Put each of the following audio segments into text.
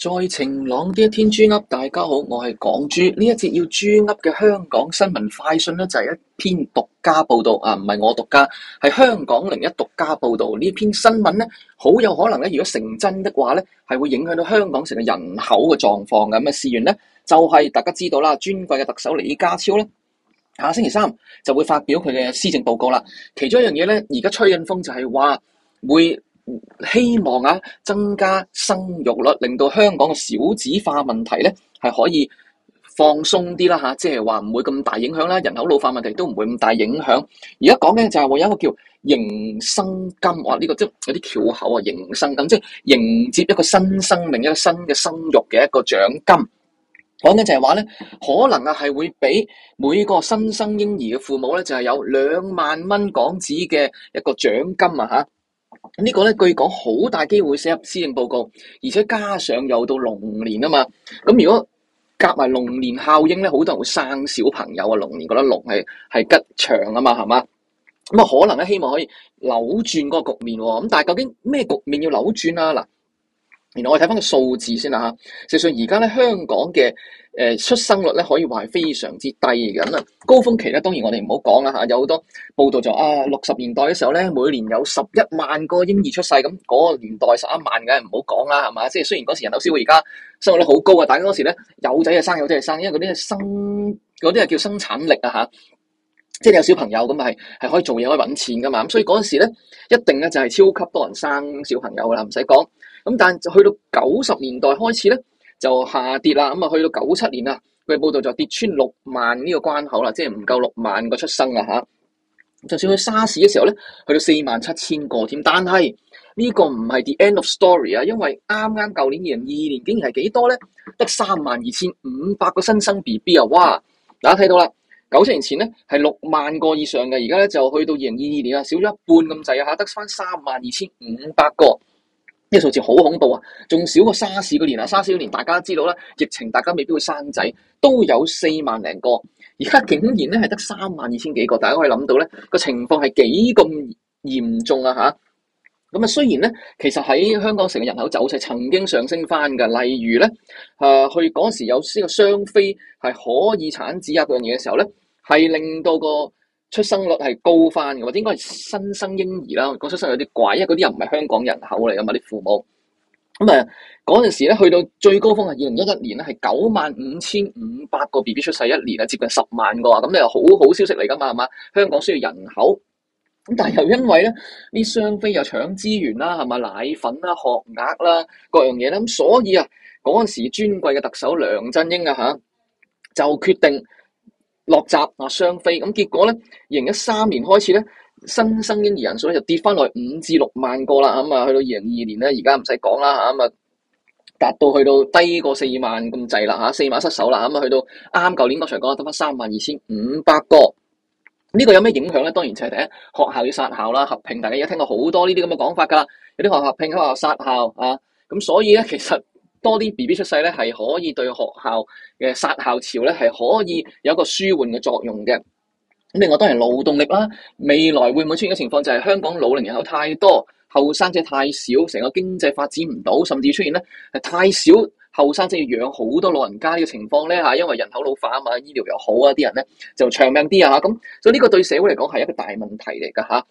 在晴朗啲一,一天，豬噏大家好，我係港豬。呢一節要豬噏嘅香港新聞快訊呢，就係、是、一篇獨家報導啊，唔係我獨家，係香港01獨家報導。呢篇新聞呢，好有可能咧，如果成真的話咧，係會影響到香港成個人口嘅狀況嘅。咁嘅事緣呢，就係、是、大家知道啦，尊貴嘅特首李家超呢，下星期三就會發表佢嘅施政報告啦。其中一樣嘢呢，而家吹緊風就係話會。希望啊，增加生育率，令到香港嘅少子化問題咧，係可以放鬆啲啦嚇，即係話唔會咁大影響啦，人口老化問題都唔會咁大影響。而家講嘅就係話有一個叫迎生金，哇！呢、呢個即係有啲橋口啊，迎生金即係、就是、迎接一個新生命、一個新嘅生育嘅一個獎金。講緊就係話咧，可能啊係會俾每個新生嬰兒嘅父母咧，就係、是、有兩萬蚊港紙嘅一個獎金啊嚇。呢個咧據講好大機會寫入施政報告，而且加上又到龍年啊嘛，咁如果夾埋龍年效應咧，好多人會生小朋友啊，龍年覺得龍係係吉祥啊嘛，係咪？咁啊可能咧希望可以扭轉嗰個局面喎，咁但係究竟咩局面要扭轉啊？嗱。原來我睇翻個數字先啦吓，就算而家咧香港嘅、誒、呃、出生率咧可以話係非常之低嘅。咁啊，高峰期咧當然我哋唔好講啦吓，有好多報道就啊六十年代嘅時候咧每年有十一萬個嬰兒出世，咁、那、嗰個年代十一萬嘅唔好講啦係嘛，即係雖然嗰時人有少，而家生活率好高啊，但係嗰時咧有仔就生，有仔就生、生，因為嗰啲係生嗰啲係叫生產力啊吓，即係有小朋友咁係係可以做嘢可以搵錢噶嘛，咁所以嗰時咧一定咧就係超級多人生小朋友啦，唔使講。咁但係就去到九十年代開始咧，就下跌啦。咁、嗯、啊，去到九七年啊，佢嘅報道就跌穿六萬呢個關口啦，即係唔夠六萬個出生啦嚇、啊。就算去沙士嘅時候咧，去到四萬七千個點。但係呢、這個唔係 the end of story 啊，因為啱啱舊年二零二二年竟然係幾多咧？得三萬二千五百個新生 B B 啊！哇！大家睇到啦，九七年前咧係六萬個以上嘅，而家咧就去到二零二二年啊，少咗一半咁滯啊嚇，得返三萬二千五百個。呢個數字好恐怖啊！仲少過沙士嗰年啊，沙士嗰年大家知道啦，疫情大家未必會生仔，都有四萬零個，而家竟然咧係得三萬二千幾個，大家可以諗到咧個情況係幾咁嚴重啊吓，咁啊，雖然咧其實喺香港成個人口走勢曾經上升翻㗎，例如咧誒、呃、去嗰時有呢個雙飛係可以產子啊嗰樣嘢嘅時候咧，係令到個。出生率係高翻嘅喎，應該係新生嬰兒啦？出生率有啲怪，因為嗰啲人唔係香港人口嚟嘅嘛，啲父母。咁、嗯、誒，嗰陣時咧，去到最高峰係二零一一年咧，係九萬五千五百個 B B 出世一年啊，接近十萬個啊，咁、嗯、咧好好消息嚟㗎嘛，係嘛？香港需要人口。咁但係又因為咧，啲雙非又搶資源啦，係嘛？奶粉啦、學額啦、各樣嘢啦，咁、嗯、所以啊，嗰陣時尊貴嘅特首梁振英啊吓，就決定。落閘啊，雙非咁。結果咧二零一三年開始咧，新生嬰兒人數咧就跌翻落五至六萬個啦咁啊，去到二零二二年咧，而家唔使講啦嚇，咁啊，達到去到低過四萬咁滯啦嚇，四萬失守啦咁啊，去到啱啱舊年嗰場講得翻三萬二千五百個，呢、呢個有咩影響咧？當然就係第一學校要殺校啦，合併大家而家聽到好多呢啲咁嘅講法㗎，有啲學校拼開話殺校啊，咁、嗯、所以咧其實。多啲 B B 出世咧，係可以對學校嘅殺校潮咧係可以有一個舒緩嘅作用嘅。咁另外當然勞動力啦、啊，未來會唔會出現嘅情況就係香港老齡人口太多，後生仔太少，成個經濟發展唔到，甚至出現咧係太少後生仔要養好多老人家嘅、這個、情況咧嚇，因為人口老化啊嘛，醫療又好啊，啲人咧就長命啲啊嚇，咁、嗯、所以呢個對社會嚟講係一個大問題嚟㗎嚇。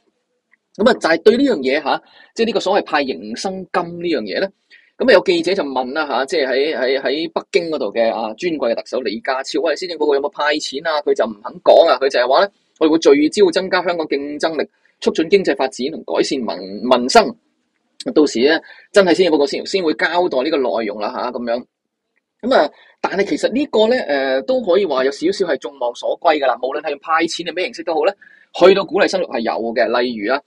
咁啊、嗯，就係、是、對呢樣嘢嚇，即係呢個所謂派迎生金呢樣嘢咧。咁、嗯、有記者就問啦嚇、啊，即係喺喺喺北京嗰度嘅啊尊貴嘅特首李家超，喂，施政報告有冇派錢啊？佢就唔肯講啊，佢就係話咧，我哋會聚焦增加香港競爭力，促進經濟發展同改善民民生。到時咧，真係施政報告先先會交代呢個內容啦吓，咁、啊、樣。咁啊，但係其實個呢個咧誒都可以話有少少係眾望所歸噶啦，無論係派錢定咩形式都好咧，去到鼓勵生育係有嘅，例如啊。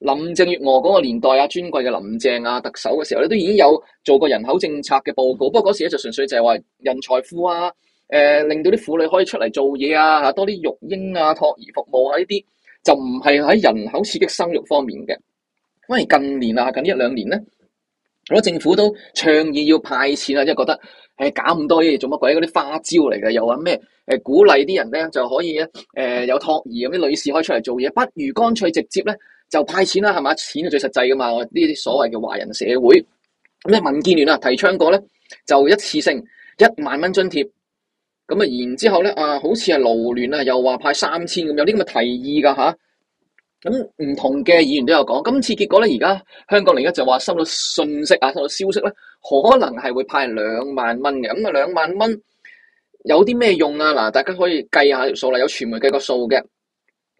林鄭月娥嗰個年代啊，尊貴嘅林鄭啊，特首嘅時候咧，都已經有做過人口政策嘅報告。不過嗰時咧就純粹就係話人才庫啊，誒、呃、令到啲婦女可以出嚟做嘢啊，嚇多啲育嬰啊、托兒服務啊呢啲，就唔係喺人口刺激生育方面嘅。反而近年啊，近一兩年咧。如果政府都倡議要派錢啊，即係覺得誒、呃、搞咁多嘢做乜鬼？嗰啲花招嚟嘅，又話咩誒鼓勵啲人咧就可以咧誒、呃、有托兒咁啲女士可以出嚟做嘢，不如乾脆直接咧就派錢啦，係嘛？錢係最實際噶嘛！呢啲所謂嘅華人社會，咁、嗯、啊民建聯啊提倡過咧，就一次性一萬蚊津貼。咁啊，然之後咧啊，好似係勞聯啊，又話派三千咁，有啲咁嘅提議噶嚇。咁唔同嘅議員都有講，今次結果咧，而家香港嚟緊就話收到信息啊，收到消息咧，可能係會派兩萬蚊嘅。咁啊，兩萬蚊有啲咩用啊？嗱，大家可以計下條數啦，有傳媒計過數嘅。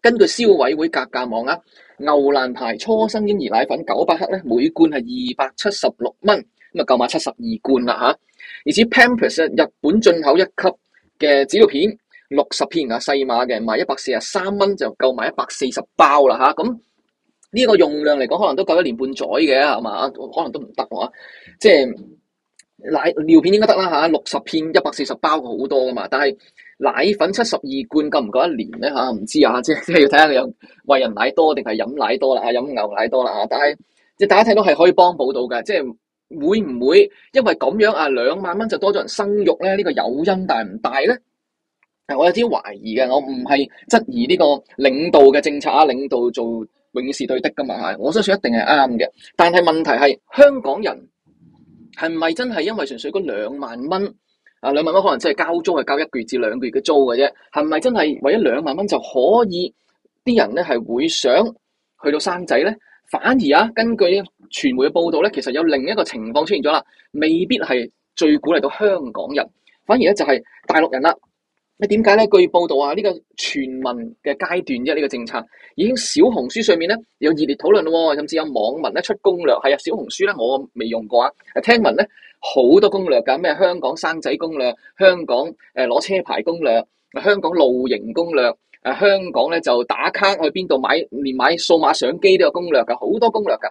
根據消委會格價網啊，牛欄牌初生嬰兒奶粉九百克咧，每罐係二百七十六蚊，咁啊夠買七十二罐啦嚇。而此 Pampers 日本進口一級嘅紙尿片。六十片細碼啊，細碼嘅賣一百四啊三蚊就夠買一百四十包啦吓，咁呢個用量嚟講、啊，可能都夠一年半載嘅係嘛，可能都唔得喎，即係奶尿片應該得啦吓，六、啊、十片一百四十包好多噶嘛，但係奶粉七十二罐夠唔夠一年咧吓，唔、啊、知啊，即係要睇下佢有餵人奶多定係飲奶多啦，飲、啊、牛奶多啦、啊，但係即係大家睇到係可以幫補到嘅，即係會唔會因為咁樣啊兩萬蚊就多咗人生育咧？呢、這個誘因但係唔大咧。我有啲懷疑嘅，我唔係質疑呢個領導嘅政策啊，領導做永遠是，是對的噶嘛，係我相信一定係啱嘅。但係問題係香港人係唔係真係因為純粹嗰兩萬蚊啊兩萬蚊可能真係交租係交一個月至兩個月嘅租嘅啫，係唔係真係為咗兩萬蚊就可以啲人咧係會想去到生仔咧？反而啊，根據啲傳媒嘅報道咧，其實有另一個情況出現咗啦，未必係最鼓勵到香港人，反而咧就係大陸人啦，啊。點解咧？據報道啊，呢、這個全民嘅階段啫，呢、這個政策已經小紅書上面咧有熱烈討論喎，甚至有網民咧出攻略。係啊，小紅書咧我未用過啊，聽聞咧好多攻略噶，咩香港生仔攻略、香港誒攞、呃、車牌攻略、香港露營攻略、誒香港咧就打卡去邊度買，連買數碼相機都有攻略噶，好多攻略噶。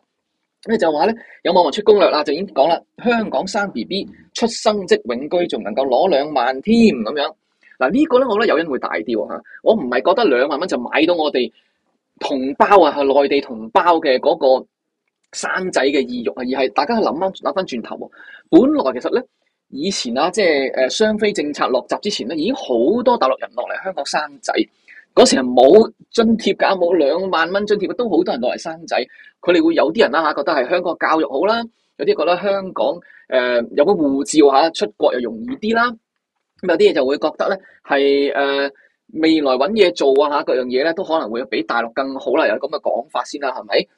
咁咧就話咧，有網民出攻略啦，就已經講啦，香港生 B B 出生即永居，仲能夠攞兩萬添咁樣。嗱呢個咧，我覺得誘因會大啲喎、啊、我唔係覺得兩萬蚊就買到我哋同胞啊，係內地同胞嘅嗰個生仔嘅意欲啊，而係大家去諗翻諗翻轉頭。本來其實咧，以前啊，即係誒雙非政策落閘之前咧，已經好多大陸人落嚟香港生仔。嗰時啊，冇津貼嘅，冇兩萬蚊津貼，都好多人落嚟生仔。佢哋會有啲人啦、啊、嚇，覺得係香港教育好啦；有啲覺得香港誒、呃、有個護照嚇、啊、出國又容易啲啦。咁有啲嘢就會覺得咧，係誒、呃、未來揾嘢做啊嚇，各樣嘢咧都可能會比大陸更好啦，有咁嘅講法先啦、啊，係咪？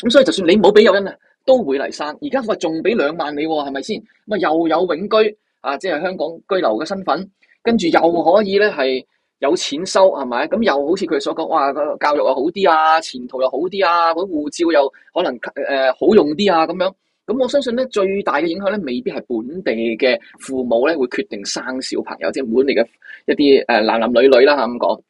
咁所以就算你冇俾誘因，啊，都會嚟生。而家佢話仲俾兩萬你喎，係咪先？咁啊又有永居啊，即係香港居留嘅身份，跟住又可以咧係有錢收係咪？咁又好似佢所講，哇教育又好啲啊，前途又好啲啊，嗰啲護照又可能誒、呃、好用啲啊咁樣。咁我相信咧，最大嘅影響咧，未必係本地嘅父母咧，會決定生小朋友，即係本地嘅一啲誒男男女女啦咁講。誒、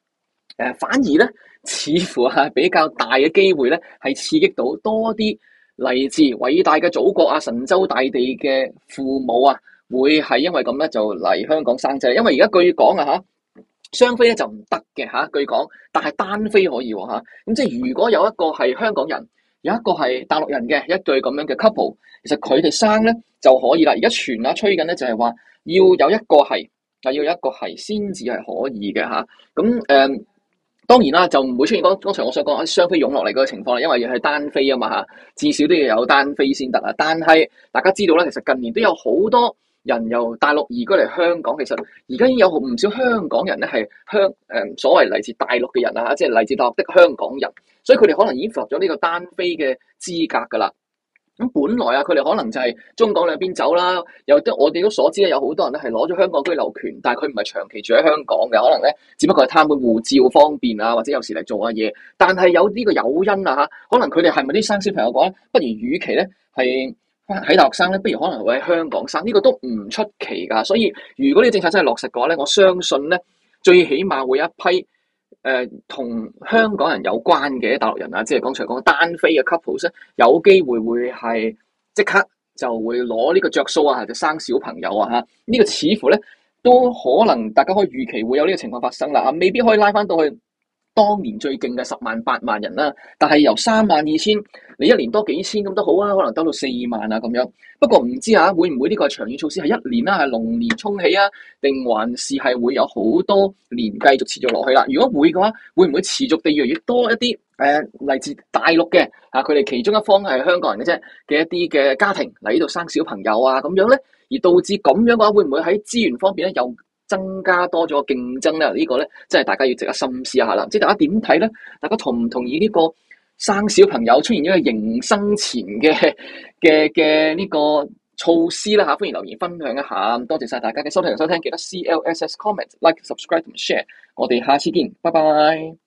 呃，反而咧，似乎係比較大嘅機會咧，係刺激到多啲嚟自偉大嘅祖國啊、神州大地嘅父母啊，會係因為咁咧，就嚟香港生仔。因為而家據講啊嚇，雙非咧就唔得嘅嚇，據講，但係單非可以喎嚇。咁即係如果有一個係香港人。有一個係大陸人嘅一對咁樣嘅 couple，其實佢哋生咧就可以啦。而家全下吹緊咧就係話要有一個係啊，要有一個係先至係可以嘅嚇。咁、啊、誒當然啦，就唔會出現剛剛才我想講雙飛湧落嚟嗰個情況啦，因為要係單飛啊嘛嚇。至少都要有單飛先得啊。但係大家知道咧，其實近年都有好多人由大陸移居嚟香港，其實而家已經有唔少香港人咧，係香誒所謂嚟自大陸嘅人啊，即係嚟自大陸的香港人，所以佢哋可能已經符合咗呢個單飛嘅資格㗎喇。咁本來啊，佢哋可能就係中港兩邊走啦。尤其我哋都所知咧，有好多人都係攞咗香港居留權，但係佢唔係長期住喺香港嘅，可能咧只不過係貪個護照方便啊，或者有時嚟做下嘢。但係有呢個誘因啊，嚇，可能佢哋係咪啲生小朋友講咧？不如，與其咧係，喺大陸生咧，不如可能會喺香港生，呢、這個都唔出奇㗎。所以如果呢個政策真係落實嘅話咧，我相信咧，最起碼會有一批誒、呃、同香港人有關嘅大陸人啊，即係剛才講單非嘅 couple 咧，有機會會係即刻就會攞呢個着數啊，就生小朋友啊嚇。呢、這個似乎咧都可能大家可以預期會有呢個情況發生啦嚇、啊，未必可以拉翻到去。當年最勁嘅十萬八萬人啦，但係由三萬二千，你一年多幾千咁都好啊，可能得到四萬啊咁樣。不過唔知啊，會唔會呢個係長遠措施，係一年啦、啊，係龍年衝起啊，定還是係會有好多年繼續持續落去啦？如果會嘅話，會唔會持續地越嚟越多一啲誒嚟自大陸嘅吓，佢、啊、哋其中一方係香港人嘅啫嘅一啲嘅家庭嚟呢度生小朋友啊咁樣咧，而導致咁樣嘅話，會唔會喺資源方面咧有？增加多咗競爭咧，呢個咧真係大家要值得深思一下啦。唔知大家點睇咧？大家同唔同意呢個生小朋友出現呢個迎生錢嘅嘅嘅呢個措施咧吓，歡迎留言分享一下。多謝晒大家嘅收聽收聽，記得 CLSS comment like subscribe 同 share。我哋下次見，拜拜。